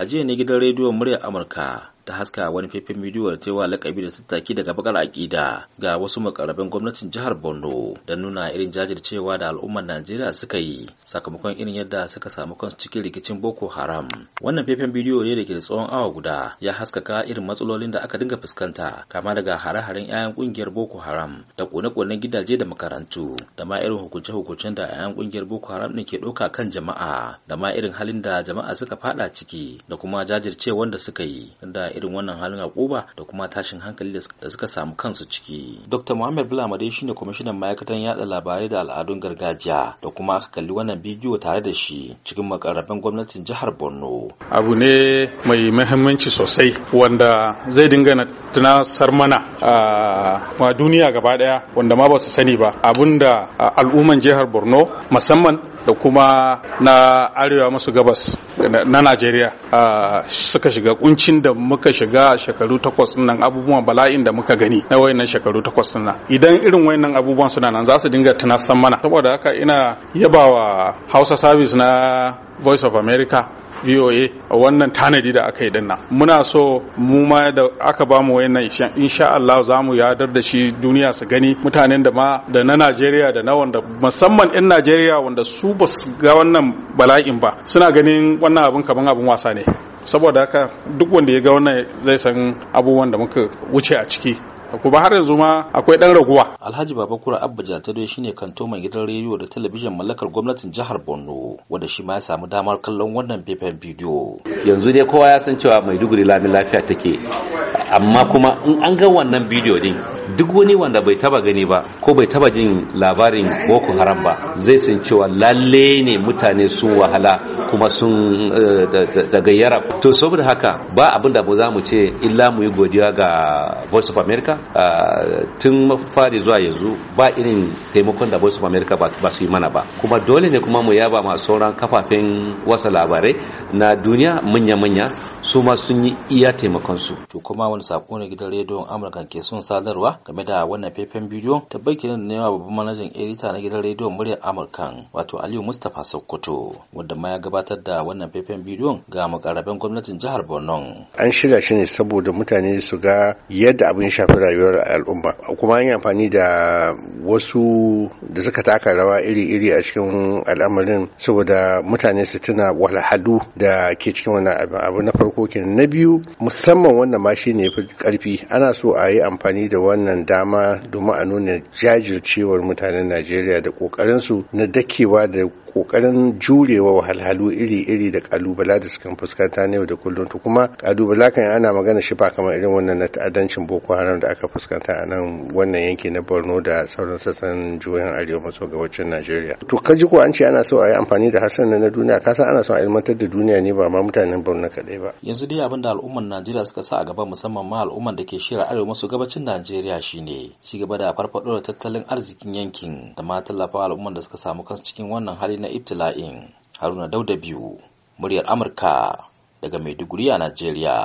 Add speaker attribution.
Speaker 1: a jiya ne gidan rediyon muryar amurka ta haska wani faifin bidiyo da cewa lakabi da tattaki daga bakar aƙida ga wasu makarabin gwamnatin jihar Borno da nuna irin jajircewa da al'ummar Najeriya suka yi sakamakon irin yadda suka samu kansu cikin rikicin Boko Haram. Wannan faifin bidiyo ne da ke da tsawon awa guda ya haskaka irin matsalolin da aka dinga fuskanta kama daga hare-haren 'ya'yan kungiyar Boko Haram da kone kone gidaje da makarantu da ma irin hukunce-hukuncen da 'ya'yan kungiyar Boko Haram ne ke ɗauka kan jama'a da ma irin halin da jama'a suka fada ciki da kuma jajircewa da suka yi da irin wannan halin akuba da kuma tashin hankali da suka samu kansu ciki. Dr. Muhammad Bulama dai shine kwamishinan ma'aikatan yada labarai da al'adun gargajiya da kuma aka kalli wannan bidiyo tare da shi cikin makarraben gwamnatin jihar Borno.
Speaker 2: Abu
Speaker 3: ne mai muhimmanci sosai wanda zai dinga tunasar mana a duniya gaba daya wanda ma ba su sani ba Abun abinda al'umman jihar Borno musamman da kuma na arewa masu gabas na Najeriya suka shiga kuncin da muka shiga shekaru takwas nan abubuwan bala'in da muka gani na wayannan shekaru takwas nan idan irin wayannan abubuwan suna nan za su dinga tunasan mana saboda haka ina yabawa Hausa Service na Voice of America VOA a wannan tanadi da aka yi din nan muna so mu ma da aka ba mu wayannan insha Allah za mu yadar da shi duniya su gani mutanen da ma da na Najeriya da na wanda musamman 'yan Najeriya wanda su ba su ga wannan bala'in ba suna ganin wannan abin kaman abin wasa ne saboda haka duk wanda ya ga wannan wannan zai san abubuwan da muka wuce a ciki ba har yanzu ma akwai dan raguwa
Speaker 1: alhaji babakura abba jatado shine kanto mai gidan rediyo da talabijin mallakar gwamnatin jihar borno wanda shi ma ya samu damar kallon wannan faifan bidiyo
Speaker 4: yanzu dai kowa ya san cewa maiduguri lamin lafiya take amma kuma in an ga wannan bidiyo din duk wani wanda bai taba gani ba ko bai taba jin labarin boko haram ba zai san cewa lalle ne mutane sun wahala kuma sun tagayyara eh, to saboda haka ba abin da za mu ce illa mu yi godiya ga voice of america ah, tun fari zuwa yanzu ba irin taimakon da voice of america ba su yi mana ba kuma dole ne kuma mu yaba masu sauran kafafen wasa labarai na duniya manya-manya su ma sun yi iya taimakon su.
Speaker 1: to kuma wani sako ne gidan rediyon amurka ke son sadarwa game da wannan faifan bidiyon tabbakin ne wa babban manajan edita na gidan rediyo muryar amurka wato aliyu mustapha sokoto wanda ma ya gabatar da wannan faifan bidiyon ga makarabin gwamnatin jihar borno
Speaker 2: an shirya shi ne saboda mutane su ga yadda abin shafi rayuwar al'umma kuma an yi amfani da wasu da suka taka rawa iri-iri a cikin al'amarin saboda mutane su tuna walhalu da ke cikin wannan abin abu na farko kenan na biyu musamman wannan ma shi ne karfi ana so a yi amfani da wani wannan dama domin a nuna jajircewar mutanen Najeriya da kokarinsu na dakewa da kokarin jurewa wahalhalu iri-iri da kalubala da sukan fuskanta ne da kullum to kuma kalubala kan ana magana shi ba kamar irin wannan na ta'addancin boko haram da aka fuskanta a nan wannan yanki na borno da sauran sassan jihohin arewa maso gabacin najeriya to ka ji ko an ce ana so a yi amfani da harshen na duniya ka san ana so a ilmantar da duniya ne ba ma mutanen borno kaɗai ba
Speaker 1: yanzu dai abin da al'ummar najeriya suka sa a gaba musamman ma al'ummar da ke shira arewa maso gabacin najeriya shine ci gaba da farfaɗo da tattalin arzikin yankin da ma tallafa al'ummar da suka samu kansu cikin wannan hali na ibtila'in haruna dauda biyu muryar amurka daga maiduguri a najeriya